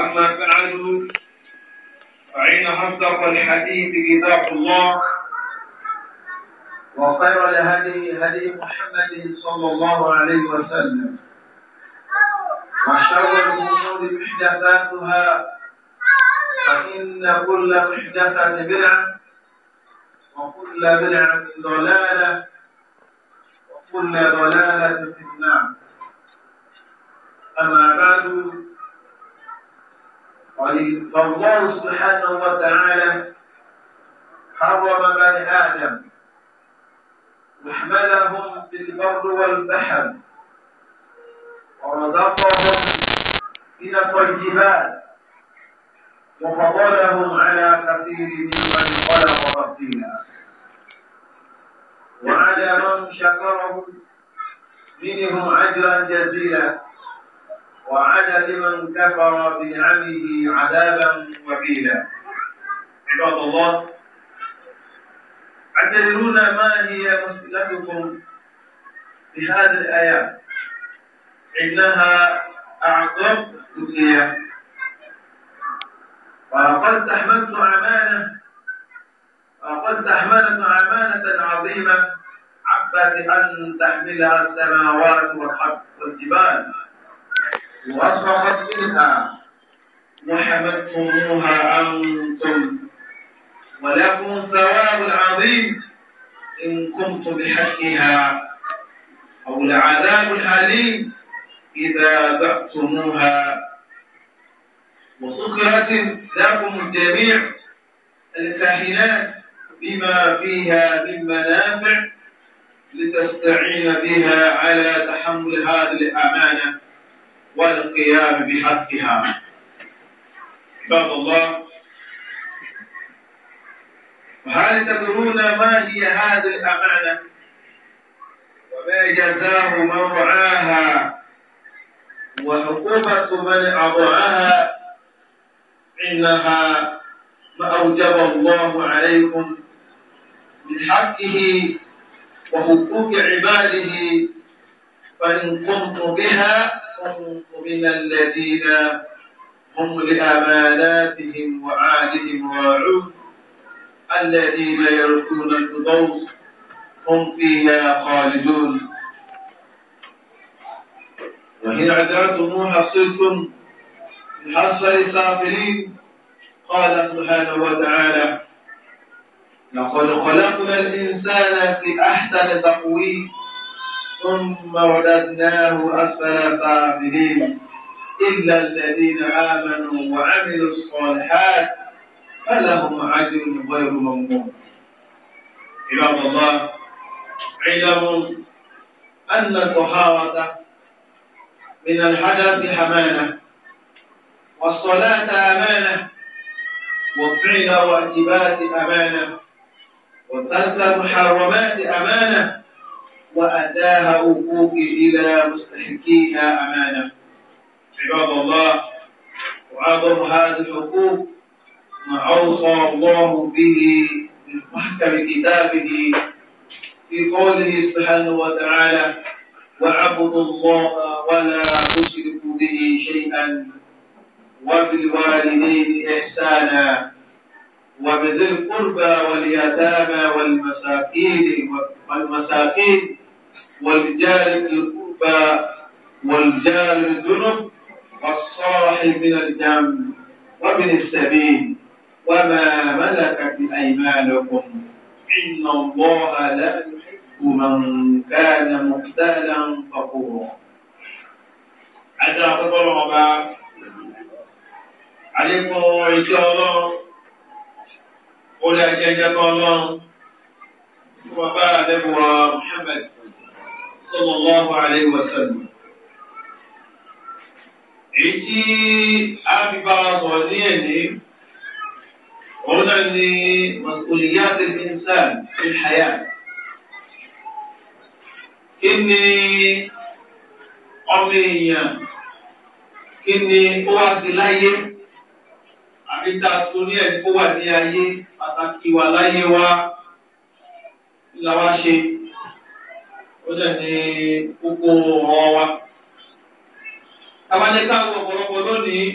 أما بعد فإن أصدق الحديث كتاب الله وخير لهدي هدي محمد صلى الله عليه وسلم وشر الأمور محدثاتها فإن كل محدثة بدعة وكل بدعة ضلالة وكل ضلالة في النار أما بعد فالله سبحانه وتعالى حرم بني آدم وحملهم في البر والبحر ورزقهم إلى الطيبات وفضلهم على كثير ممن خلق ربنا وعلى من شكرهم منهم عجرا جزيلا وعدا لمن كفر بنعمه عذابا وكيلا عباد الله اعتبرونا ما هي مشكلتكم في هذه الآيات إنها أعظم تسلية وقد تحملت أمانة وقد تحملت أمانة عظيمة عبت أن تحملها السماوات والحق والجبال وأصبحت منها وحمدتموها أنتم ولكم الثواب العظيم إن كنت بحقها أو العذاب الأليم إذا بعتموها وسكرة لكم الجميع الكاهنات بما فيها من منافع لتستعين بها على تحمل هذه الأمانة والقيام بحقها باب الله وهل تدرون ما هي هذه الأمانة وما جزاه من رعاها وعقوبة من أضعها إنها ما أوجب الله عليكم من حقه وحقوق عباده فإن قمتم بها من الذين هم لأماناتهم وعادهم راعون الذين يرثون الفردوس هم فيها خالدون وإن عذرتم حصلتم من حصر السافلين قال سبحانه وتعالى لقد خلقنا الإنسان في أحسن تقويم ثم رددناه أسفل سافلين إلا الذين آمنوا وعملوا الصالحات فلهم أجر غير ممنون عباد الله علموا أن الطهارة من الحدث حمانة والصلاة أمانة والفعل واجبات أمانة وترك محرمات أمانة وأداها حقوقه إلى مستحقيها أمانة عباد الله وأعظم هذه الحقوق ما أوصى الله به من محكم كتابه في قوله سبحانه وتعالى واعبدوا الله ولا تشركوا به شيئا وبالوالدين إحسانا وبذي القربى واليتامى والمساكين والمساكين والجار القربى والجار الذنب والصاحب من الجنب ومن السبيل وما ملكت أيمانكم إن الله لا يحب من كان مختالا فخورا àti àkọ́kọ́rọ́ ọba عليكم إن شاء الله قل kan ọlọ́run fún ọba صلى الله عليه وسلم èyí àbí bára sọ̀rọ̀ ní ẹ̀ní òun náà ni masuliyat al-insan fil hayat kí ni ọmọ èèyàn kí ni ó wá sí láyé àbí tá a tó ní ẹ̀kọ́ wà ní ayé pàtàkì wà láyé wa làwa ṣe ó dẹ̀ ní gbogbo ọ̀rọ̀ wa. Abájẹ́ káwọn ọ̀pọ̀lọpọ̀ lónìí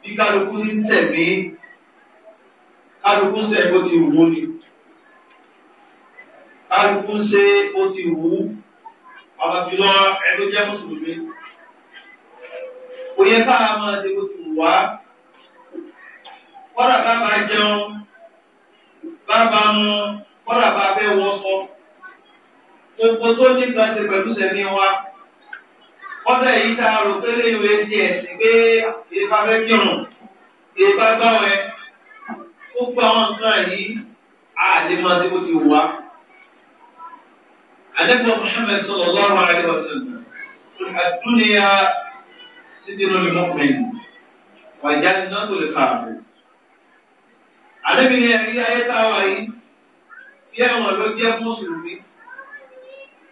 bí kálukú ń tẹ̀mí kálukú ń tẹ̀ bó ti wù ú ni. Kálukú ń ṣe bó ti wù ú. Bàbá jùlọ ẹ̀rọ jẹ́ mùsùlùmí. Kò yẹ káà máa ṣe bó ti wù wá. Kọ́dà bá máa jẹun, bá máa mu, kọ́dà bá bẹ́ẹ̀ wọ́n sọ gbogbo tó ní kan ṣe pẹ̀lú sẹ̀mí wa ọ̀sẹ̀ yìí tá a rò pé léèwé tiẹ̀ sí pé ìfà fẹ́ kírun ìfà gbáwọ̀ ẹ gbogbo àwọn nǹkan yìí a lè máa ti wà. Àdébò Mùsùlùmí sọ̀rọ̀ lọ́rùn àdébò sọ̀rọ̀ àdúnyà sídìrò lè mọ́kùnrin wàjà náà tó lè kààbò. Àdébìnrin ẹ̀rí ayé táwa yìí bí ẹ̀wọ̀n ló jẹ́ fún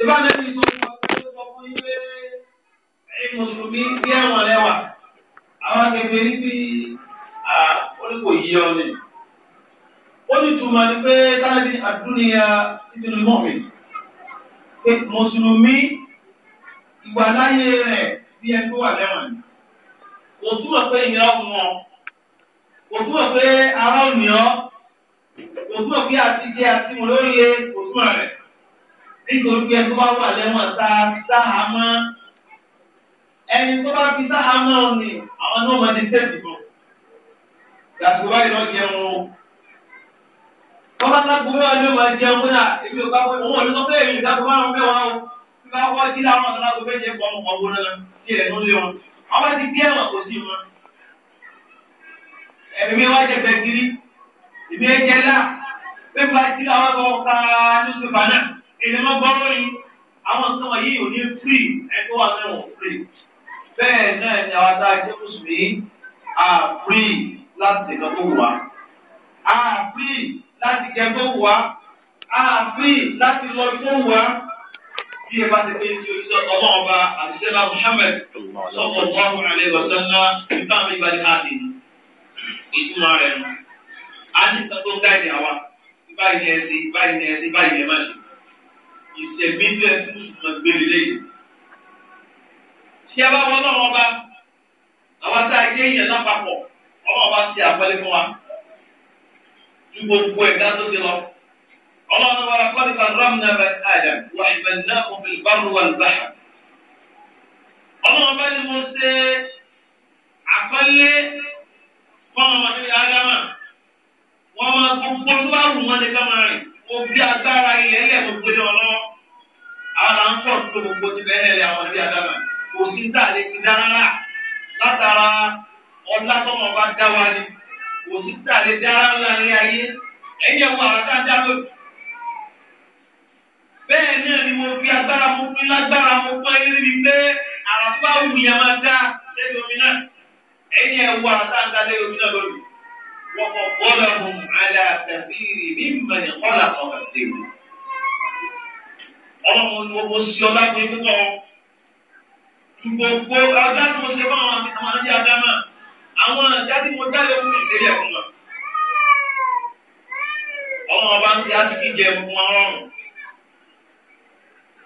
ìbáraẹni tó ń sọ fún yín pé ẹ̀yin mùsùlùmí bí ẹ̀wọ̀n rẹ wà àwọn akẹgbẹ́ yìí bí oníkò yí ọ ni. ó ní túmọ̀ ni pé káàdì àdúnyà ìdùnnú mọ́mì pé mùsùlùmí ìwà láyé rẹ̀ bí ẹni tó wà lẹ́wọ̀n ni. kò túmọ̀ pé ìyá ọ̀hún wọn kò túmọ̀ pé ará òmìnira kò túmọ̀ pé àtijẹ́ àti mọ̀lóye kò túmọ̀ rẹ̀ nítorí pé ẹni tó bá wà lẹ́wọ̀n tá sáhámá ẹni tó bá fi sáhámá ni àwọn náà máa di tẹ́sí bọ̀ yàtò báyìí lọ jẹun o bọ́lá lágbo mẹ́wàá ni ó máa jẹun náà èmi ò bá wọ́n òun ò ní sọ pé èmi ìdáko márùn-ún mẹ́wàá o bí bá wọ́n jí láwọn ọ̀dọ́ lágbo méje pọ̀ ọmọ ọ̀gbọ́n náà sí ẹ̀ lórí wọn àwọn bá ti gbé ẹ̀wọ̀n kò sí wọn ẹ̀mí wá jẹ bẹ́ẹ̀ kiri ìmí ẹ̀jẹ̀ náà pépà jí láwọn ọkọ̀ ká ní ìdẹ́mọ́ gbọ́rọ́ yìí àwọn nǹkan wọ̀nyí ò ní firi ẹgbẹ́ wa náà wọ̀ firi bẹ́ẹ̀ náà ni àwọn tá a jẹ́ mùsùlùmí à firi láti lọ tó wà à firi láti jẹ tó wà à firi láti lọ tó wà bí ẹ bá ti pé tí ojú ọlọ́run ọba àdìsẹ́lá Muhammad sọ̀kọ̀ ọ̀hún àlẹ́ ìwọ̀sánná nípa àwọn ìbàdí àdì ìtumọ̀ rẹ̀ nù. a ní sọ tó gáìdì àwa ìbáyìí ni ẹ ti ìbáyìí ìṣẹ̀mí bẹ́ẹ̀ fún ìtumọ̀ gbèrè lẹ́yìn. Ṣé bá wọn náà wọn bá àwọn tá a jẹ́ èèyàn lápapọ̀ ọlọ́run bá ti àpẹẹrẹ fún wa ju gbogbo ẹ̀dá tó ti lọ. Ọlọ́run wa kọ́ni ká rọ́ọ̀mù náà bá àdà wà ìbẹ̀ náà kò fi bárò wà lùbáyà. Ọlọ́run bá ní mo ṣe àpẹẹrẹ fún ọmọdé Ádámà. Wọ́n máa gbogbo tó bá wù wọ́n ní ká rìn. mo bí agbára ilẹ̀ ilẹ̀ mo gbé ọlọ́ ara ń tó gbogbo ti bẹ́ẹ̀ lẹ́lẹ̀ àwọn dara àdámà kò sí tá a lè látara ọlá tọmọ bá dá wa ni kò sí tá a ní ayé àwọn tá a dá bẹ́ẹ̀ náà ni mo fi agbára mo fi lágbára mo pọ́n eré mi pé àràfáà wù yẹn máa dá lẹ́yìn omi وفضلهم على كثير ممن خلق تفضيلا ọlọ́run ni gbogbo sí ọlá pé púpọ̀ gbogbo ọjà tí mo ṣe fún àwọn àwọn ajé adámà àwọn ajá tí mo jáde fún ìdílé fún wa ọmọ ọba ń ti àtìkí jẹ fún wa rọrùn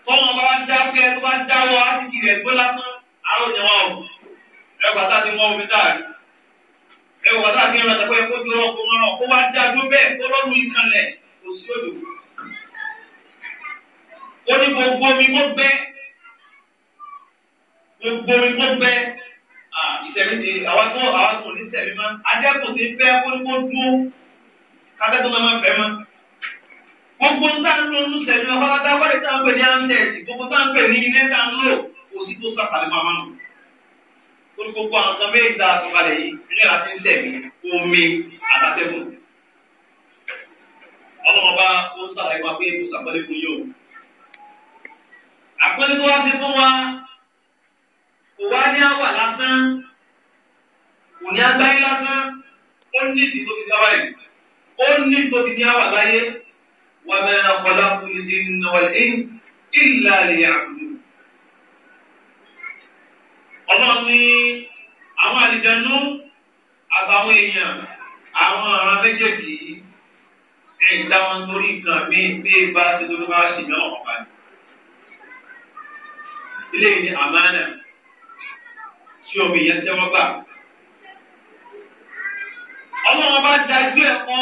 tọ́mọ ọba ń dá fẹ́ tó bá dáwọ́ àtìkí rẹ̀ gbọ́lá tán àròyìn wa ò ẹgbàá tá a ti wọ́n omi táàrí ẹ wọ sáà fi ẹran tẹpẹ kó dúró kó rán kó wá dá dúró bẹ́ẹ̀ kó lọ́rùn ìkànlẹ̀ kò sí òdò. ó ní gbogbo omi kó gbẹ gbogbo omi kó gbẹ ìtẹ̀mí ti àwọn tó àwọn tó ní tẹ̀mí mọ́ adẹ́kùn ti fẹ́ kó ní kó dúró kábẹ́tọ́ máa máa fẹ́ mọ́. gbogbo ń tàn ló ń tẹ̀mí ọ̀pá pátá wọ́n ti tàn pè ní amnesty gbogbo tàn pè ní ilé tàn lò kò sí tó sàpàlẹ́ torí gbogbo àwọn kan méjì tá a sọ kalẹ̀ yìí nínú ìlà tí ń tẹ̀mí omi àtàtẹ́gùn. ọlọ́mọba ó ń sàlàyé wa pé kò sàpọ́lé fún yóò. àpẹẹrẹ tó wá sí fún wa kò wá ní àwà lásán kò ní agbáyé lásán ó ní ìdí tó ti sábà yìí ó ní tó ti ní àwà láyé wàmẹ́ ọ̀pọ̀lọpọ̀ ìdí ìnáwó ìlà lè ọlọ́run ní àwọn àlìjẹnú àtàwọn èèyàn àwọn ọ̀ràn méjèèjì ẹ̀dá wọn torí nǹkan mi bí e bá ti tó bá ṣì mí ọ̀pá ni. ilé ní àmánà tí omi yẹn tẹ́wọ́ gbà. ọlọ́run bá dájú ẹ̀kọ́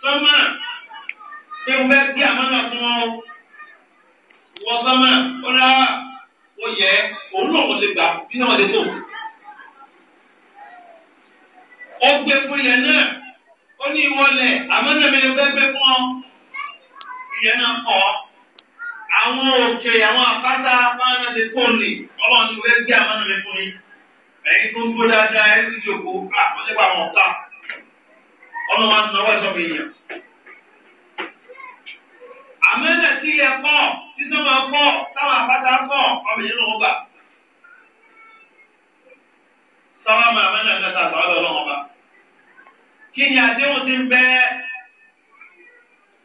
sọ́mà pé mo fẹ́ bí àmánà fún ọ wọ sọ́mà ó rárá ó yẹ òun náà wọ́n ti gbà bí náà wọ́n ti tó. ó gbé fún yẹn náà ó ní ìwọlẹ̀ àmọ́ náà mi lè fẹ́ gbé fún ọ ìyẹn náà kọ́ àwọn òkè àwọn àpáta máa ti tó lè ọlọ́run ti fẹ́ gbé àmọ́ náà mi fún yín ẹ̀yin tó ń gbó dáadáa ẹ̀ ti jòkó àwọn ti pa àwọn ọ̀tá ọlọ́run máa ń náwó ẹ̀sọ́ mi yàn. àmọ́ náà sí ilẹ̀ pọ̀ títí máa kọ́ táwọn àpáta kọ́ ọmọ yìí lọ́wọ́ gbà. sáwọn máa mẹ́rin àgbàtà àtàwọn ọ̀dọ́ lọ́wọ́ bá. kí ni àdéhùn ti bẹ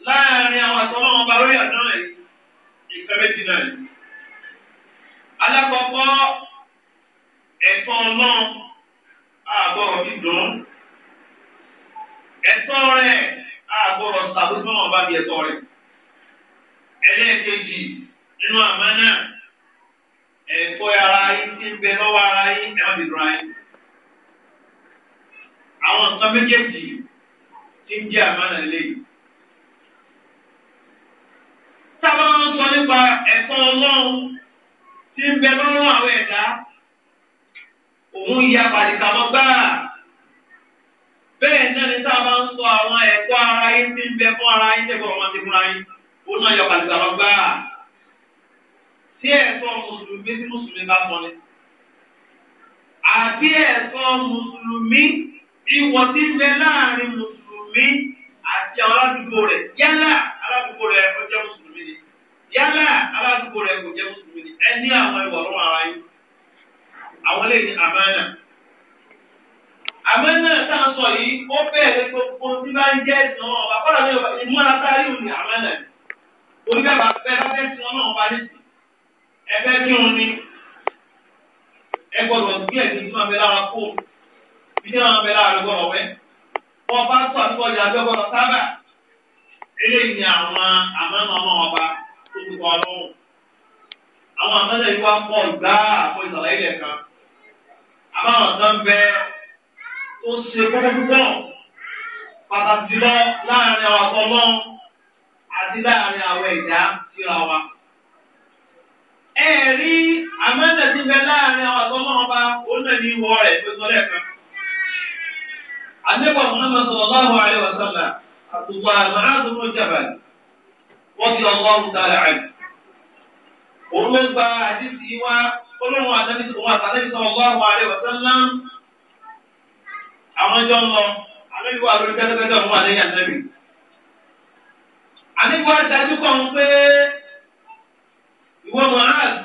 láàrin àwọn àtọ́ lọ́wọ́ bá lórí àdéhùn rẹ̀ ìfẹ́ méjì náà alákọ̀ọ́kọ́ ẹ̀tọ́ ọlọ́run ààbọ̀ ọ̀bí dùn. ẹ̀tọ́ rẹ̀ ààbọ̀ ọ̀sàbùsùn ọ̀bá bí ẹ̀tọ́ rẹ̀. ẹlẹ́ẹ̀kejì nínú àmọ́ náà ẹ̀kọ́ ara yín ti ń bẹ ara yín ẹ̀wọ́n ti ra yín. àwọn nǹkan méjèèjì ti ń jẹ́ àmọ́ náà lé. sábà wọn sọ nípa ẹ̀kọ́ ọlọ́run ti ń bẹ lọ́rùn ẹ̀dá òun ya gbáà bẹ́ẹ̀ náà ni sábà ń sọ àwọn ẹ̀kọ́ ara yín ti ń bẹ fún ara yín ó náà yọ kàtìkà lọ gbá tí ẹ̀tọ́ mùsùlùmí tí mùsùlùmí bá sọ ni àbí ẹ̀tọ́ mùsùlùmí ìwọ tí ń bẹ láàrin mùsùlùmí àti aládùúgbò rẹ̀ yálà aládùúgbò rẹ̀ ó jẹ́ mùsùlùmí ni yálà aládùúgbò rẹ̀ kò jẹ́ mùsùlùmí ni ẹ ní àwọn ìwà ọ̀rọ̀ ara yín àwọn lè ní àmánà àmánà tá a sọ yìí ó bẹ̀rẹ̀ gbogbo tí bá ń jẹ́ ìtàn ọ̀bà kọ́lá ní ìmúra tá a rí òní àmánà ni. oníbẹ̀bà bẹ́ẹ̀ bá fẹ́ ebe ọ̀nà ọba nísì ẹ fẹ́ kí ní ẹ gbọ́dọ̀ sí ẹ̀sìn tí wọ́n lára kó bí ní wọ́n lára gbọ́dọ̀ wẹ́ wọ́n bá tó àtúbọ̀ yà bẹ́ẹ̀ sábà eléyìí ni àwọn àmọ́nà ọmọ ọba tó ti àwọn àmọ́nà yìí wá pọ̀ gbá àpò ìsàlẹ̀ ilẹ̀ kan àbáwọn kan bẹ tó ṣe kókó púpọ̀ pàtàkì láàrin àwọn àtọ́ àti láàrin àwọn ẹ̀dá síra wa. ẹ rí àmọ́tẹ̀ ti bẹ láàrin àwọn àtọ́lọ́wọ́n bá òun náà ní ìwọ rẹ̀ pé sọ́lẹ̀ kan. àdébọ̀ Muhammad sallallahu alaihi wa sallam àtùgbà Mu'adh ibn Jabal wọ́n ti ọgbọ́n tààrà àjù. òun ló gba àdìsí wa olóhùn àtàlẹ́sọ̀ òun àtàlẹ́sọ̀ ọgbọ́n alaihi wa sallam àwọn ẹjọ́ ń lọ àlejò àlórí kẹ́tẹ́kẹ́tẹ́ òun àbíkú àtàjú kọ̀ ń pé ìwọ Mu'adh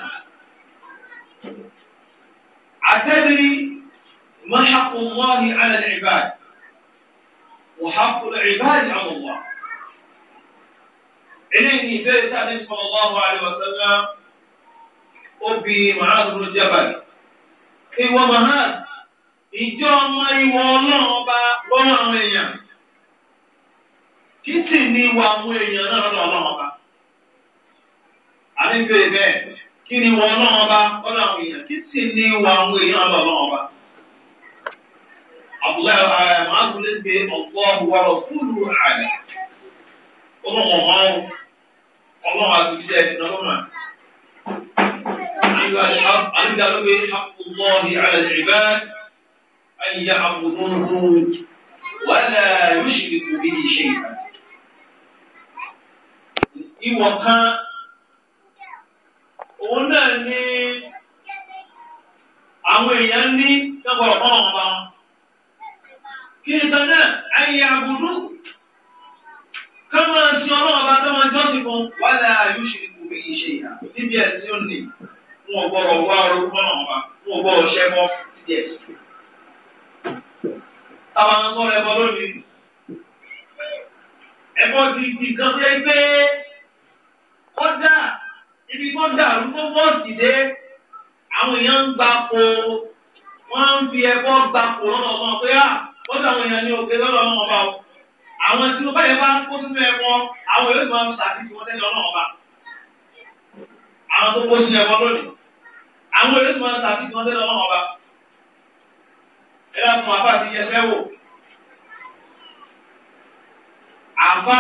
àtẹ́bìrì ma haqqu Allahi 'ala al-'ibad wa haqqu al-'ibad 'ala Allah. eléyìí ni ìbéèrè tá a ní sallallahu alaihi wa sallam ó bi Mu'adh ìwọ Mu'adh ìjọ ọmọ ìwọ ọlọ́run ọba lọ́wọ́ àwọn èèyàn títì ní ìwà àwọn èèyàn náà lọ́dọ̀ ọlọ́run ọba. àbí bèrè bẹ́ẹ̀ kí ni ìwà ọlọ́run ọba lọ́dọ̀ àwọn èèyàn títì ní ìwà àwọn èèyàn lọ́dọ̀ ọlọ́run ọba. àbúlá àgùlé gbé ọ̀pọ̀ àbúwárọ̀ fúlù àlẹ́ ọlọ́run ọ̀hún ọlọ́run àgùlé ẹ̀ lọ́dọ̀ عند حق الله على العباد أن يعبدونه ولا يشركوا به شيئا ìwọ̀n kan òun àwọn èèyàn ní kí ni ayé agudu ká ti ọba tó máa jọ́sìn fún wàhálà ayúṣe kò bí iṣẹ́ ìyá níbi ẹ̀sìn òní wọn ò gbọ́dọ̀ wá orúkọ náà wá wọn ò gbọ́dọ̀ lónìí ti kọ́dà ibi tó dàrú tó wọ́ọ̀sì dé àwọn èèyàn ń gba kó wọ́n ń fi ẹ̀kọ́ gba kó lọ́wọ́ ọmọ pé à ah, kọ́dà àwọn èèyàn ní òkè lọ́wọ́ ọmọ ọba o àwọn tí wọ́n bá yẹ bá kó sínú ẹ̀kọ́ àwọn yóò máa ń sàbíkí wọn tẹ́lẹ̀ ọlọ́wọ́ ọba àwọn tó kó sínú ẹ̀kọ́ lónìí àwọn yóò máa ń sàbíkí wọn tẹ́lẹ̀ ọlọ́wọ́ ọba ẹ̀rọ fún àbá àti yẹsẹ̀ wò àbá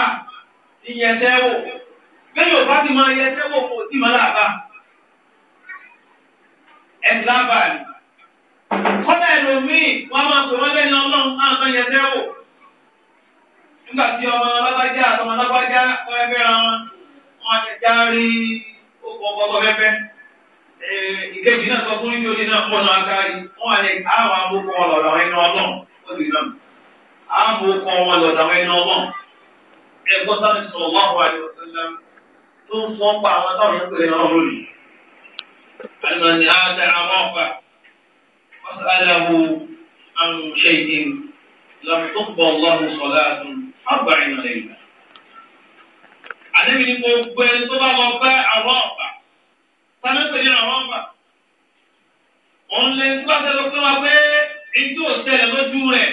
ti yẹsẹ̀ wò. bẹ́ẹ̀ bá ti máa yẹ sẹ́wọ̀ kò sí máa làbà ẹ̀ làbà ni. kọ́dà ẹlòmíì wọ́n máa pè wọ́n lẹ́nu ọlọ́run máa yẹ sẹ́wọ̀. nígbà tí ọmọ alábàjá àtọmọ alábàjá kọ́ ẹgbẹ́ wọn rí ọkọ̀ fẹ́fẹ́. náà sọ fún náà pọ̀ náà kárí wọ́n wà ní àwọn tó ń fún ọ̀pọ̀ àwọn táwọn ń pè ní ọ̀rọ̀ lórí. àlùmọ̀ ni a dá àwọn ọ̀pá wọ́n sáré àwọn àrùn ṣe ìdí lọ́tọ́ bọ̀ lọ́hùn sọ̀lá àdùn ọgbà ìnà lẹ́yìn. àdébìí ni gbogbo ẹni tó bá lọ bá àwọn ọ̀pá táwọn pè ní àwọn ọ̀pá. òun lè gbọ́dọ̀ lọ pé wá pé ètò òṣèlú lójú rẹ̀.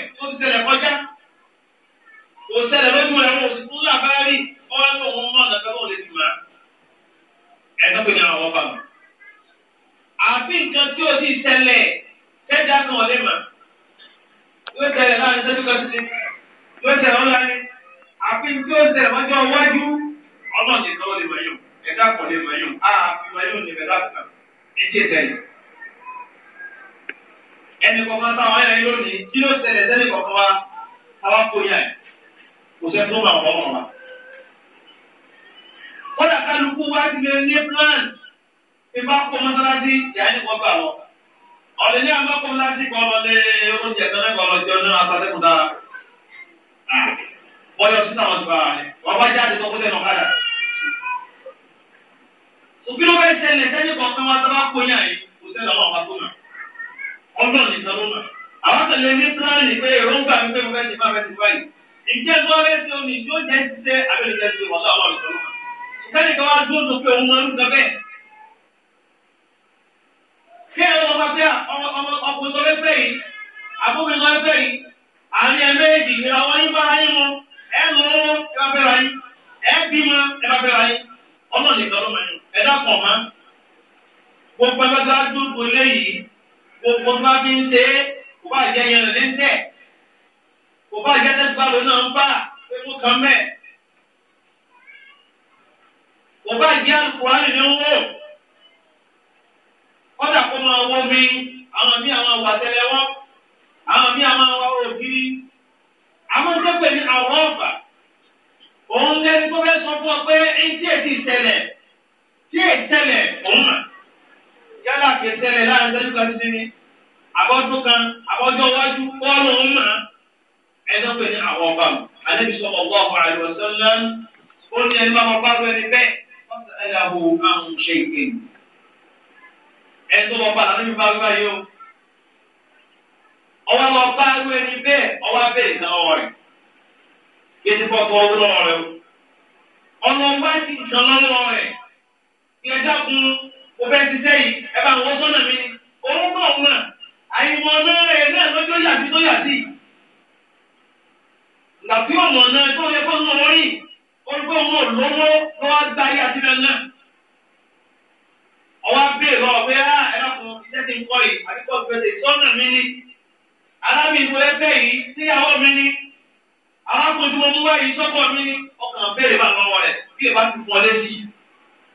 sí ẹ̀dá yìí. ẹnì kọ̀ọ̀kan táwọn ayẹyẹ lónìí kí ló ṣẹlẹ̀ sẹ́ni kọ̀ọ̀kan wa táwa kó yá kò sẹ́ni tó máa wọ́n wa. kódà kálukú wá ti lè ní plan ìbá kó mọ́sálásí ìyá ẹni kọ́ bá wọn. ọ̀lẹ́ ní àbá kó kọ́ lọ lé oúnjẹ tó náà kọ́ lọ jọ náà àtàlẹ́kùn dára. Ah, bọ́yọ̀ sí àwọn ti bá wà ní jáde tó kó òfin ló fẹ́ ṣẹlẹ̀ sẹ́yìn kọ̀ọ̀kan wa sábà kó yàn yìí kò ṣẹlẹ̀ ọ̀rọ̀ wa tó nà ọlọ́run nìkan ló nà àwọn tẹ̀lé ní pílánì pé èròǹgbà mi fẹ́ mo fẹ́ ti bá fẹ́ ti báyìí ìjẹ́ tó rẹ́ sí omi tí ó jẹ́ ṣiṣẹ́ abẹ́rẹ́ ti wọ́n lọ́wọ́ ọlọ́run tó nà ìkẹ́lẹ̀ kan wá dúró tó pé òun máa ń gbẹ bẹ́ẹ̀. kí ẹ lọ́wọ́ bá pé ọkùnrin tó fẹ́ fẹ́ yìí àbúrò tó fẹ́ fẹ́ yìí àárín ẹ̀ méjì ni àwọn yín bá ayé wọn ẹ lọ́wọ́ ẹ bá fẹ́ yín ẹ bímọ ẹ dákọ̀ mọ́ gbogbo ẹgbẹ́ta dúró léyìí gbogbo bá fi ń ṣe é kò bá jẹ yẹn lè ń tẹ̀ kò bá jẹ tẹ́sígbà ló náà ń bá ewu kan mẹ́ kò bá jẹ alukùránì ní wò kọ́dà kó máa wọ́ mi àwọn mi àwọn àwọn àtẹlẹwọ́ àwọn mi àwọn àwọn òbí àwọn tó pè ní àwọn ọ̀fà òun lẹ́nu tó fẹ́ sọ fún ọ pé ẹ̀ńtí ẹ̀ ti ṣẹlẹ̀ tí ètẹlẹ òun mà yálà kì í tẹlẹ láàrin sẹ́jú kan títí ní abọ́dún kan abọ́jọ́ wájú bọ́ọ̀lù òun mà ẹjọ́ pé ní àwọn ọba mu alẹ́bí sọ ọgbọ́ ọkọ àlùwọ̀ sọ́nà ó ní ẹni máa bá lọ ẹni bẹ́ẹ̀ wọ́n ti ẹ̀yà wo àrùn ṣe ìpè ẹni tó wọ́n bá lọ́dún bá gbá yóò ọwọ́ lọ bá lọ ẹni bẹ́ẹ̀ ọwọ́ abẹ́rẹ́ náà ọ̀rẹ́ yé ti bọ́ ọdún ọ̀rẹ́ o ìyẹ̀dá kun mo fẹ́ ṣiṣẹ́ yìí ẹ bá wọn sọ́nà mi ni òun náà wọ̀n àyìnbọn náà rẹ̀ náà lọ́jọ́ yàtí tó yàtí. Làbí ọ̀nà náà tó yẹ kó mọ̀ lórí orúkọ ọmọ lọ́wọ́ ló wá gba ayé àti bẹ́ẹ̀ náà. Ọwọ́ abéèrè lọ́wọ́ pé á ẹ̀rọ kan iṣẹ́ ti ń kọ́ yìí àdìpọ̀ gbèsè sọ́nà mi ni. Alábìnrin ẹgbẹ́ yìí síyàwó mi ni. Alákòjú ọmọ wáyé sọ́kọ̀ mi ni. Ọkàn béèrè bá lọ́wọ́ rẹ̀ bí èèbá ti fọ́ lé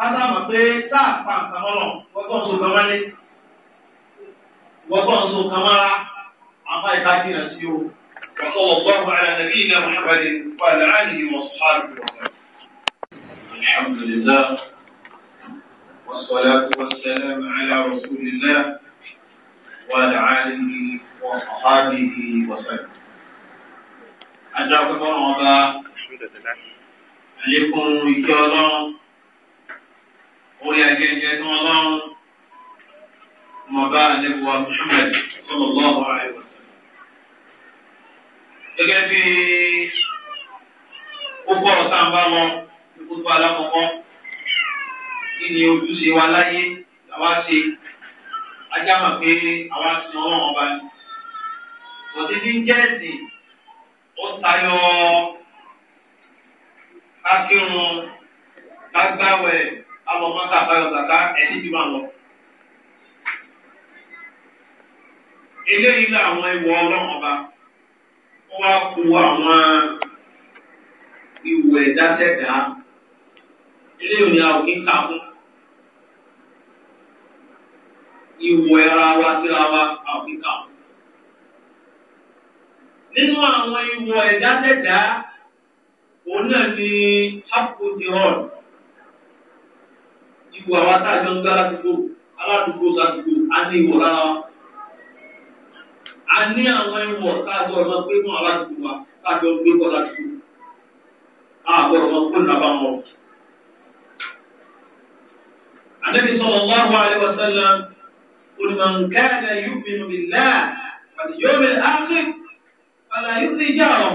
kátà mọ̀ pé tá pa nǹkan wọ́pọ̀ ń so kan wọ́pọ̀ ń so kan mọ́ra àmọ́ ìka jìnnà sí o wọ́pọ̀ wọ́pọ̀ àlà nàbí ilẹ̀ muhammed wà láàyè wọ́sùlùmí. الحمد لله والصلاة والسلام على رسول الله وعلى آله وصحابه وسلم أجاب الله عليكم إن شاء الله orí agẹ́gẹ́ tó ọlọ́run ọmọ bá àlẹ́bùwà Muhammad sallallahu alaihi wasallam. gẹ́gẹ́ bí gbogbo ọ̀rọ̀ tá à ń bá wọn ní gbogbo alákọ̀ọ́kọ́ kí ni ojúṣe wa láyé làwa ṣe ajá mà pé àwa ti ọlọ́run ọba ni. bọ̀dé ní jẹ́ẹ̀sì ó tayọ kákírun kágbáwẹ̀ alọ mọta àbáyọ zaka ẹni bí wà lọ. eléyìí lé àwọn ìwọ ọlọ́run ọba ó wá kó àwọn ìwọ ẹ̀dá tẹ̀dá eléyìí ni àwọn kíkà fún ìwọ ẹ̀ra wa síra wa àwọn kíkà fún. nínú àwọn ìwọ ẹ̀dá tẹ̀dá òun náà ni hapkoti hall gbogbo àwọn atájọ ń gbé aládùúgbò aládùúgbò sàdùgbò á ní ìwọ lára wa a ní àwọn ìwọ káàjọ ọmọ pé mọ aládùúgbò wa káàjọ gbé kọ ládùúgbò àbọ̀ ọmọ kó nàbà mọ. Ànábì sallallahu alaihi wasallam qul man kana yu'minu billahi wal yawmil akhir fala yu'zi jarahu.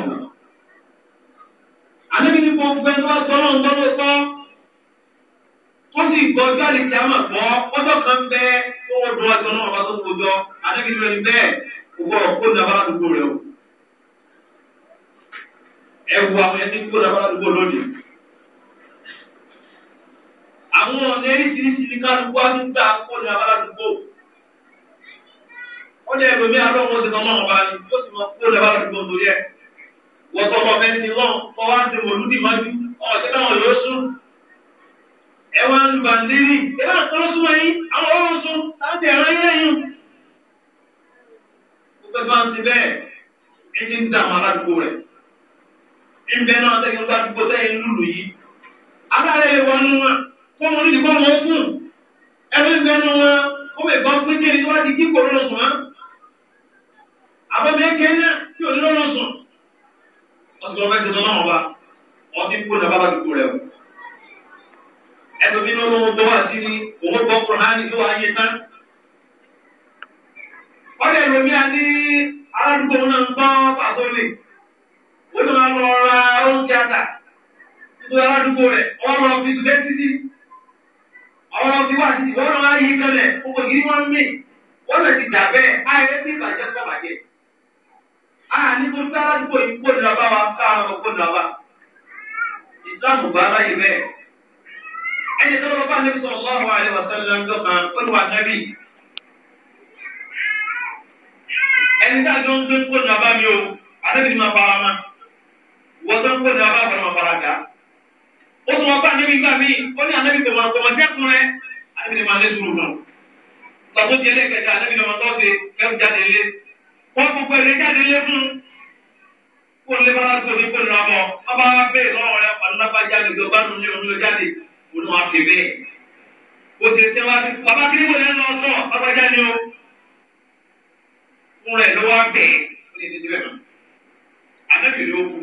Ànábì ní gbogbo ẹni wá sọ́nà ń gbọ́dọ̀ sọ́ wọ́n sì gbọ́ ọjọ́ àlejò àmọ̀ pọ̀ ọjọ́ kan bẹ́ tó wọ́n dùn ọjọ́ náà ọba tó kojọ́ adébíyẹ ni bẹ́ẹ̀ kò gbọ́dọ̀ kó nàbà àdúgbò rẹ o. ẹ wo àwọn ẹni kó nàbà àdúgbò lónìí. àwọn ọ̀nà eréṣiríṣi ní kálukú á tún gbà kó nàbà àdúgbò. wọ́n lé ẹgbẹ̀mí alọ́wọ́ ti kọ́mọ́ ọba ni yóò ti mọ kó nàbà àdúgbò lórí ẹ̀. wọ́n tọ́ ọmọ mẹ́rin lọ́n ẹ wá ń lu bàndínì ẹ bá tọ́ súnmọ́ yín àwọn láti ẹ̀rọ bá ń ti bẹ́ẹ̀ ẹ ti ń da àwọn aládùúgbò rẹ̀ ìbẹ́ náà tẹ́kẹ́ ń gbàdúgbò sẹ́yìn lùlù yìí. aláàrẹ̀ lè wọnú wọn kó wọn kó wọn ẹ̀rọ bá pín kí ẹni tó bá ẹlòmí ló ló ń gbọ́ àti ní òun gbọ́ kùránì tó ayé tán. ọ̀rẹ́ ẹlòmí àti aládùúgbò náà ń gbọ́ pàtó lè ó ló máa lọ ra oúnjẹ àtà nítorí aládùúgbò rẹ̀ ọ̀rọ̀ fi sùlẹ̀ títí ọ̀rọ̀ fi wá sí ọ̀rọ̀ ayé kanlẹ̀ gbogbo yìí wọ́n ń mì wọ́n lè ti dà bẹ́ẹ̀ ayẹyẹ tí ìbàjẹ́ sọ bàjẹ́. a ní kó sáré àdúgbò yìí kó nira ẹni tó lọ́wọ́ fáwọn ẹ̀sọ́ ọlọ́run àlewàsálàm tó kan olùwà nábì. ẹni tá a jọ ń gbé kó ní abá mi o àtẹ́bí ni máa fara ma wọ́n tó ń kó ní fara ma fara ga. ó tún wọ́n bá gbà mí ó ní ànábì tó máa tọmọ jẹ́kùn rẹ̀ ànábì ni máa lé sùúrù náà. tọ́tù ti ẹlẹ́kẹ̀ta ànábì ni wọ́n tọ́ ṣe fẹ́ẹ́ jáde lé wọ́n gbogbo ẹ̀rẹ́ jáde lé fún kó lé bá wá sóbi ní òun olú wa fi bẹ́ẹ̀. ó ti ṣe wá sí bàbá kìnìún lẹ́nu ọ̀sán bàbájá ni ó fún rẹ̀ lọ́wọ́ bẹ́ẹ̀ ó lè ti bẹ́ẹ̀ mọ́. àbẹ́bí ló kù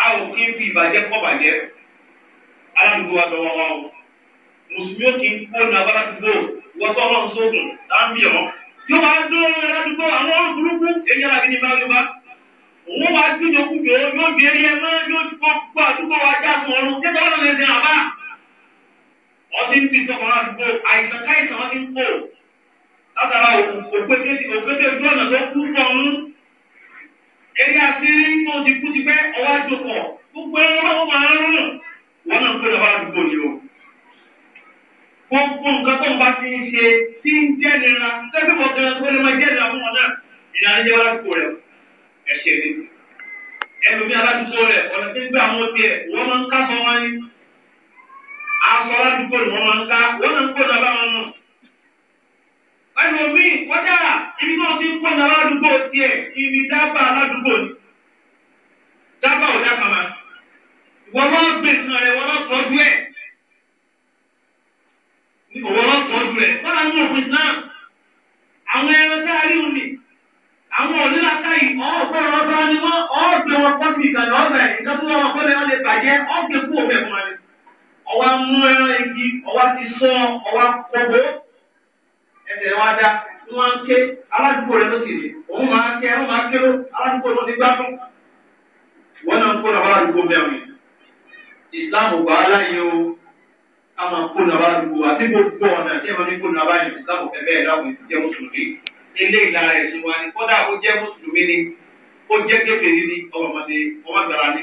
a ò kí ń fi ìbàjẹ́ kọ́ bàjẹ́ aládùúgbò wa tọwọ́ wa o mùsùlùmí ó kì í kó ní abala dùgbò wọ́tọ́ ọlọ́run sóògùn láǹbì ọ̀ yóò wá dún aládùúgbò àwọn ọ̀rọ̀ èyí ara kìíní bá òun wá dún yòókù yòó yóò bẹ̀rẹ̀ ẹ̀ náà yóò kó àdúgbò wa já fún ọ̀run kí ọtí ń pín sọmọ láti àìsàn káìsàn ọtí ń kó látara òkété òkété ojú ọ̀nà tó kú sọ̀hún eré àti tó ti kú ti pẹ́ ọwọ́ àjòkọ̀ gbogbo ẹ̀rọ wọn máa ń wọn náà ń pè lọ́wọ́ àdúgbò ni o. gbogbo nǹkan tó ń bá ti ń ṣe tí ń jẹ́ nira tẹ́sí mọ̀ gan pé ló máa jẹ́ nira fún wọn náà ìlànà jẹ́ wọn àdúgbò rẹ̀ ẹ̀ṣẹ̀ ni ẹlòmí aládùúgbò rẹ̀ ọ̀nà tí ń gbé àwọn ọtí afọwọ́dúgbò ni wọ́n máa ń ká wọ́n náà ń kó nàbà wọn mọ̀. ẹlòmíì ibi tí ti ń kó nàbà àdúgbò tiẹ̀ ibi dábà aládùúgbò ni dábà ò dábà máa. wọ́n lọ́ gbé nǹkan rẹ̀ wọ́n lọ́ tọ́jú ẹ̀. wọ́n lọ́ tọ́jú ẹ̀ wọ́n náà ń òfin àwọn ẹran tá a rí àwọn ònílà káyì ọ̀ọ́gbọ̀n ọ̀dọ́ ni wọ́n ọ̀ọ́gbẹ̀ wọn kọ́ ọwọ́ mú ẹran igi ọwọ́ ti sán ọwọ́ kọ́bó ẹsẹ̀ wa dá tí wọ́n ń ké aládùúgbò rẹ̀ lókè rẹ̀ òun máa ké òun máa ké ló aládùúgbò ló ti gbádùn wọ́n náà ń kó lọ́wọ́ aládùúgbò mẹ́rin ìsìláàmù gbà á láyé o a máa kó lọ́wọ́ aládùúgbò àti gbogbo ọ̀nà tí ẹ̀rọ ní kó lọ́wọ́ aládùúgbò ìsìláàmù fẹ́ bẹ́ẹ̀ láwọn ìjẹ́ mùsùlùmí ilé ìlara ẹ̀sìn wa ni kódà ó jẹ́ mùsùlùmí ni ó jẹ́ kékeré ni ọmọ ọmọdé ọmọ gbàrà ni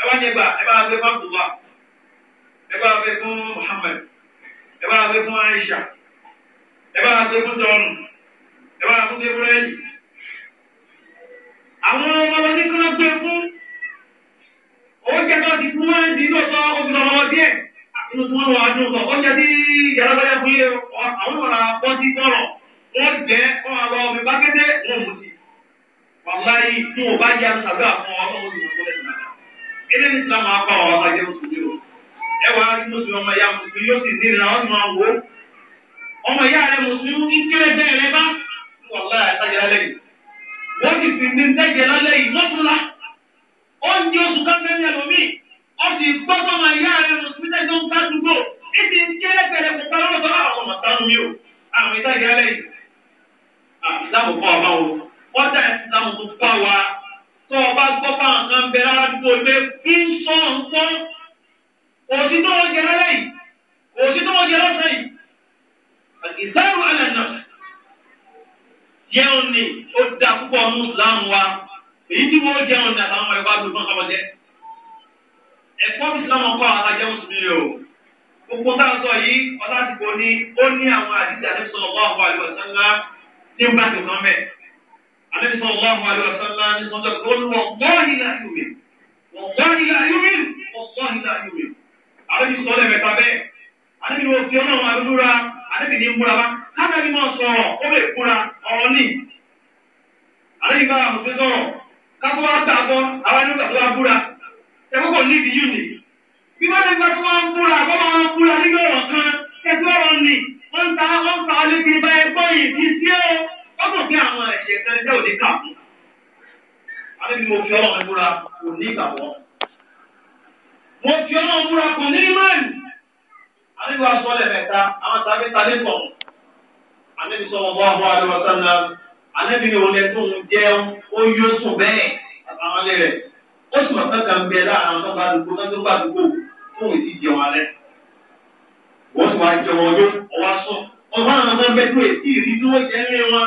ẹ wá yẹn gbà ẹ bá gbé fún Abdullah ẹ bá fún Muhammad ẹ bá gbé fún Aisha ẹ bá gbé fún tọ́nù ẹ bá gbé fún ẹ̀yìn. àwọn ọmọ wọn ní kí wọ́n gbé fún oúnjẹ tó ti fún wọn ní lóòótọ́ obìnrin ọmọ díẹ̀ inú tí wọ́n lọ adùn sọ oúnjẹ tí yàrá bá yà fún yẹ àwọn ọ̀rọ̀ àpọ́tí sọ̀rọ̀ wọ́n jẹ́ wọ́n àlọ́ ọmọ ìbákẹ́tẹ́ wọn mú sí. wàláyé tí wọn bá yà sàbẹ́ àfọwọ́ ọmọ òṣèlú tó lẹ́sìn náà ilé ní islam apá wa ọmọ ẹyẹ mùsùlùmí o ẹ wà á rí mùsùlùmí ọmọ ẹyà mùsùlùmí yóò sì nira wọn máa wò ó ọmọ ẹyà rẹ mùsùlùmí ní kéré bẹ́ẹ̀ rẹ bá wọ́n lọ́la ẹ̀sájẹ lálẹ́ yìí wọ́n ti fi ní sẹ́jẹ lálẹ́ yìí lọ́túnla ó ń di oṣù káfíńsì ẹlòmíì ó sì gbọ́ sọ́mọ ẹyà rẹ mùsùlùmí sẹ́jọ ń gbàdúgbò ní ti kéré bẹ̀rẹ̀ kó kálọ́ lọ́tọ́ àwọn ọmọ sánú mi o àwọn ẹ̀sájẹ lálẹ́ yìí tó o bá gbọ́ fáwọn kan bẹ lára dúró pé kí n sọ nǹkan òsì tó o jẹ lẹ́lẹ́ yìí òsì tó o jẹ lọ́sẹ̀ yìí àgìsáàrù alẹ́ náà jẹun ni ó da púpọ̀ mú láwọn wa èyí tí wọ́n jẹun ni àtàwọn ọmọ ẹ̀fọ́ àti òfin ọmọdé ẹ̀kọ́ bí sọ́mọ kọ́ àwọn ajẹ́wọ́n sì nílò gbogbo tá a sọ yìí ọlá ti bò ní ó ní àwọn àdìsí àti sọ̀rọ̀ bá àwọn àlùfáà sọ́ńgá ní bá ti kàn mẹ́ẹ̀. Ànábì sallallahu alaihi wasallam ní sọ́jọ́ tó ń wọ̀ wọ́ọ̀hìn láàyò mi. Wọ̀ọ̀hìn láàyò mi. Wọ̀ọ̀hìn láàyò mi. Ànábì sọ́lẹ̀ mẹ́ta bẹ́ẹ̀. Ànábì wo fi ọlọ́run àdúrà Ànábì ní múra wá. Kábẹ́ni máa sọ̀rọ̀ ó lè bá àmùsẹ́ báyẹn gbọ́ yìí sí ọ́ kàn sí àwọn ẹ̀ṣẹ̀ kẹrẹsẹ́ òní kà fún. mo fi ọlọ́run múra kò ní ìgbàgbọ́. Mo fi ọlọ́run múra kò ní ìmọ̀lù. Àwọn ibi wa sọ lẹ́mẹ̀ta, àwọn tàbí tàbí pọ̀. Àwọn ibi sọ wọn bọ́ àwọn àlọ́ sánà. Àwọn ibi òun tó ń jẹ́ sùn bẹ́ẹ̀ àtàwọn ilé rẹ̀. Ó sì mọ̀ sọ́kà bẹ láàrin àwọn tó bá Wọ́n ti wá jẹun ọdún, ọwọ́ sọ. Ọ̀gbọ́n àwọn ọmọ ẹgbẹ́ tó èsì ìrí wọ́n jẹ́ ń lé wọn.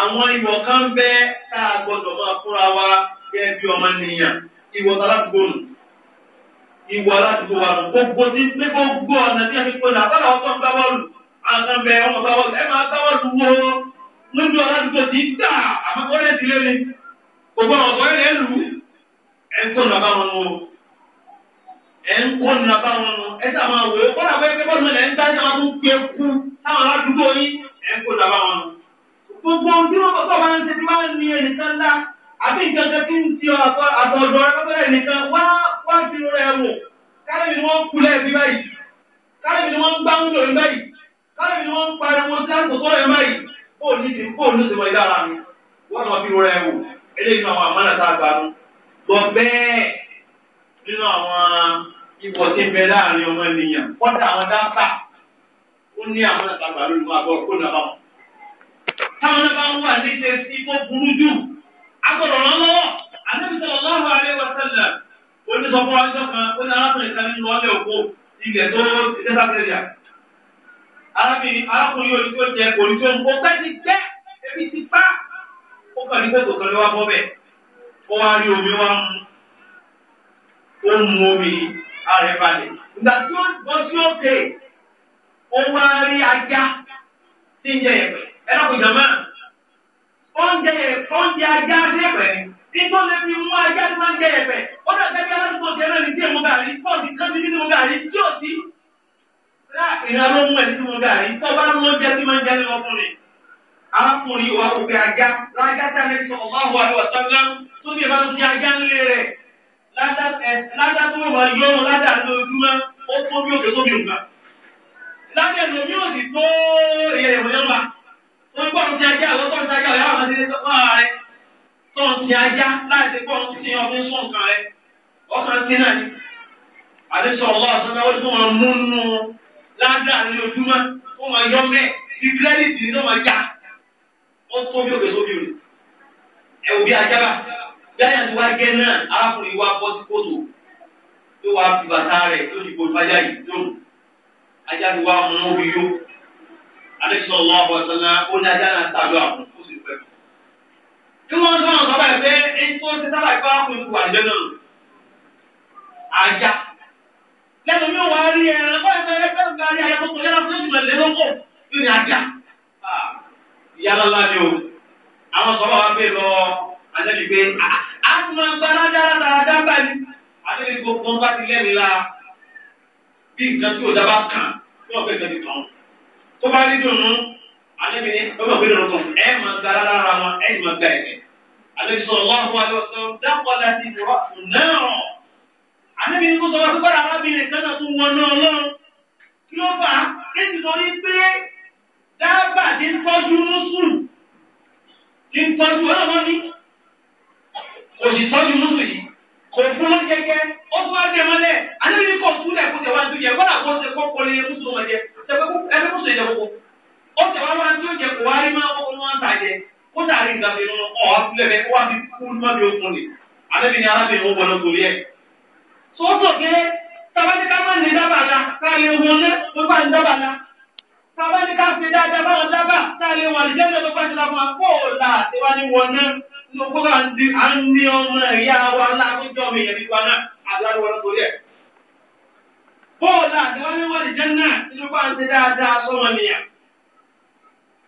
àwọn ìwọ̀ kan bẹ́ tá a gbọ́dọ̀ máa fúnra wa gẹ́gẹ́ bí ọmọ nìyàn ìwọ̀ aládùúgbò nù ìwọ̀ aládùúgbò wa nù gbogbo tí pé gbogbo ọ̀nà tí a fi pè náà bọ́lá ọ̀tọ̀ ń gbá bọ́ọ̀lù àwọn bẹ ọmọ gbá bọ́ọ̀lù ẹ máa gbá bọ́ọ̀lù wo lójú aládùúgbò tí ń tà àmọ́kọ́lẹ́ ìdílé ni gbogbo àwọn ọ̀gọ́ ẹ̀ lù ẹ̀ ń kó bá wọn wò ẹ̀ ń kó bá wọn wò ẹ̀ sà wò ó kọ́nà bẹ́ẹ̀ pé bọ́ọ̀lù gbogbo ohun tí wọ́n kọ́kọ́ máa ń máa ń ní ẹnìkan ńlá àbí nǹkan kan tí ń ti ọ̀tọ̀ àtọ̀dọ̀ ẹgbẹ́ ẹnìkan wá wá sí rẹ̀ wò kárẹ́bì ni wọ́n kú lẹ́ẹ̀bí báyìí kárẹ́bì ni wọ́n ń gbá ń lò ní báyìí kárẹ́bì ni wọ́n ń pariwo sí àkókò rẹ̀ báyìí kó o ní ti kó o ní ti wọ ìdára mi wọ́n lọ fi rẹ̀ wò eléyìí nínú àwọn àmọ́nà tá a gbà nù lọ bẹ́ẹ̀ nínú àwọn ìwọ̀ tí ń bẹ láàrin ọmọ ènìyàn kọ́dà táwọn náà bá ń wà ní ṣe sí kó burú jù agbọ̀dọ̀ rán lọ́wọ́ Ànábì sallallahu alaihi wasallam onísọ̀kọ́ ọjọ́ kan ó ní arákùnrin kan nínú ọlẹ́ òkú ilẹ̀ tó dẹ́sàtẹ́rìà arábìnrin arákùnrin yóò ní tó jẹ kò ní tó ń kó pẹ́ẹ́sì jẹ́ ebi ti pa ó kàn ní kókò kan ló wá bọ́ bẹ̀ ó wá rí omi wá mu ó mu omi ààrẹ balẹ̀ ìgbà tí ó bọ́ sí òkè ó wá rí ajá tí ń jẹ ẹ̀pẹ̀ ẹnà kò jàmá oúnjẹ yẹ oúnjẹ ajá dẹ́pẹ̀ títọ́ lè fi mú ajá tí máa ń jẹ yẹpẹ̀ ó dà gẹ́gẹ́ aládùúgbò tí ẹ̀rọ ní tí èmo gàrí pọ́ọ̀tì kábí nínú gàrí tí ò sí. ìyá ló mú ẹ̀ nínú gàrí tó bá mú oúnjẹ máa ń jẹ nínú ọkùnrin. arákùnrin wa kò fi ajá lájá tí a lè sọ ọ̀gá àwọn àlọ́ ọ̀tọ́gbá tó fi ìbámu sí ajá ńlẹ̀ rẹ̀ lájá tó wà yọ̀ọ́ ládà lójúmọ́ ó tó bí òkè tó bí òkà. lájá wọ́n gbọ́ ọ̀hún ti ajá àwọn tó ń ti ajá ọ̀yá àwọn ti tó máa rẹ̀ tó ń ti ajá láti gbọ́ ọ̀hún ti ọ̀hún sún nǹkan rẹ̀ ọ̀kan ti náà ni. àdéṣọ ọ̀lá ọ̀sán náà ó tún wọn mú nù ládàá ní ojúmọ́ ó máa yọ mẹ́ ti kírẹ́dìtì náà máa já ó tó bí òkè sóbì rẹ̀ ẹ̀ òbí ajá bá gbáyà tí wàá gẹ́ náà arákùnrin wa bọ́ sí kóòtù tó wàá fi bàtà rẹ̀ tó ti gbòòrò ajá yìí tó ajá ti wàá mú omi yó àdéhùn ọ̀wọ́ ọ̀sánná ó ní ajá náà tàbí àwọn ó sì fẹ́. kí wọ́n sọ àwọn bàbá ẹ̀fẹ́ ẹni tó ti sábà ìfọ́ àwọn olùkọ́ àjọ náà ajá. lẹ́nu mi wà á rí ẹran bá ẹ̀fẹ́ ẹ̀fẹ́ gba rí ayé kókó yára fún ìgbà lé lọ́kọ̀ yóò ní ajá. ìyára ńlá ni o àwọn sọ̀rọ̀ wa bẹ́ẹ̀ lọ àjẹ́bí pé a ti máa gba dáadáa dáadáa báyìí àjẹ́bí gbogbo wọn bá ti lẹ́rìí la bí nǹkan tí ò dábàá kàn yóò fẹ́ tó bá rí dùnú alẹ́bi ní ọmọ ìgbé dùnú kan ẹ máa gba lára wọn ẹ máa gba ẹ̀mí alẹ́bi sọ ọlọ́run alẹ́ ọ̀sán dákọ̀ láti ìrọ̀ náà alẹ́bi ní kó sọ wá pé kọ́ra arábìnrin kan náà tún wọn náà lọ́rùn kí ló fà á lẹ́yìn sọ ní pé dábàá ti ń tọ́jú mùsùlùm ti ń tọ́jú ọlọ́run ní kò sì tọ́jú mùsùlùm yìí kò fún lọ́jẹ̀kẹ́ ó fún ọjẹ́ mọ́lẹ̀ alẹ́bi ní kò fún lẹ̀ ẹgbẹ́ kó so ìjẹ kó ó tẹ̀ wá wá tí ó jẹ kó wá rí máa kó wọn ta jẹ kó sàárì nǹkan fi nínú ọ̀ wá sílẹ̀ bẹ́ẹ̀ wá fi kú má fi okun ni àbẹ́bí ni arábìnrin ó gbọ́dọ̀ torí ẹ̀. tó tó ké tabali ká máa ní dábàá la ká lè wọn lé wọn bá ń dábàá la tabali ká fi dáadáa bá wọn dábàá ká lè wọn lé lọ́dọ̀ bá ti la fún wa kó o là tiwa ní wọn náà ló kó à ń di ọmọ ìyá wa láàbùjọ mi yẹn bọ́ọ̀lù àdáwọlé wọ́n lè jẹ́ náà nínú bá ń ṣe dáadáa sọ́wọ́n nìyà.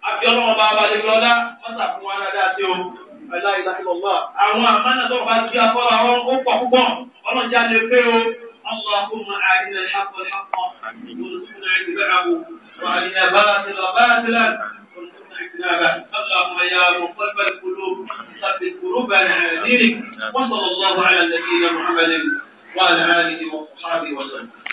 àbí ọlọ́wọ́n bá abalẹ̀ lọ́lá wọ́n sàfún wọn dáadáa sí o. ẹ̀la ìlàkìlọ́lá àwọn àmàlà tó bá ti bí afọ́lá wọn ó pọ̀ púpọ̀ ọlọ́jà lè pé o. اللهم أعلنا الحق والحق وارزقنا اتباعه وأعلنا باطل باطلا وارزقنا اجتنابه اللهم يا مقلب القلوب ثبت قلوبنا على دينك وصلى الله على نبينا محمد وعلى آله وصحبه وسلم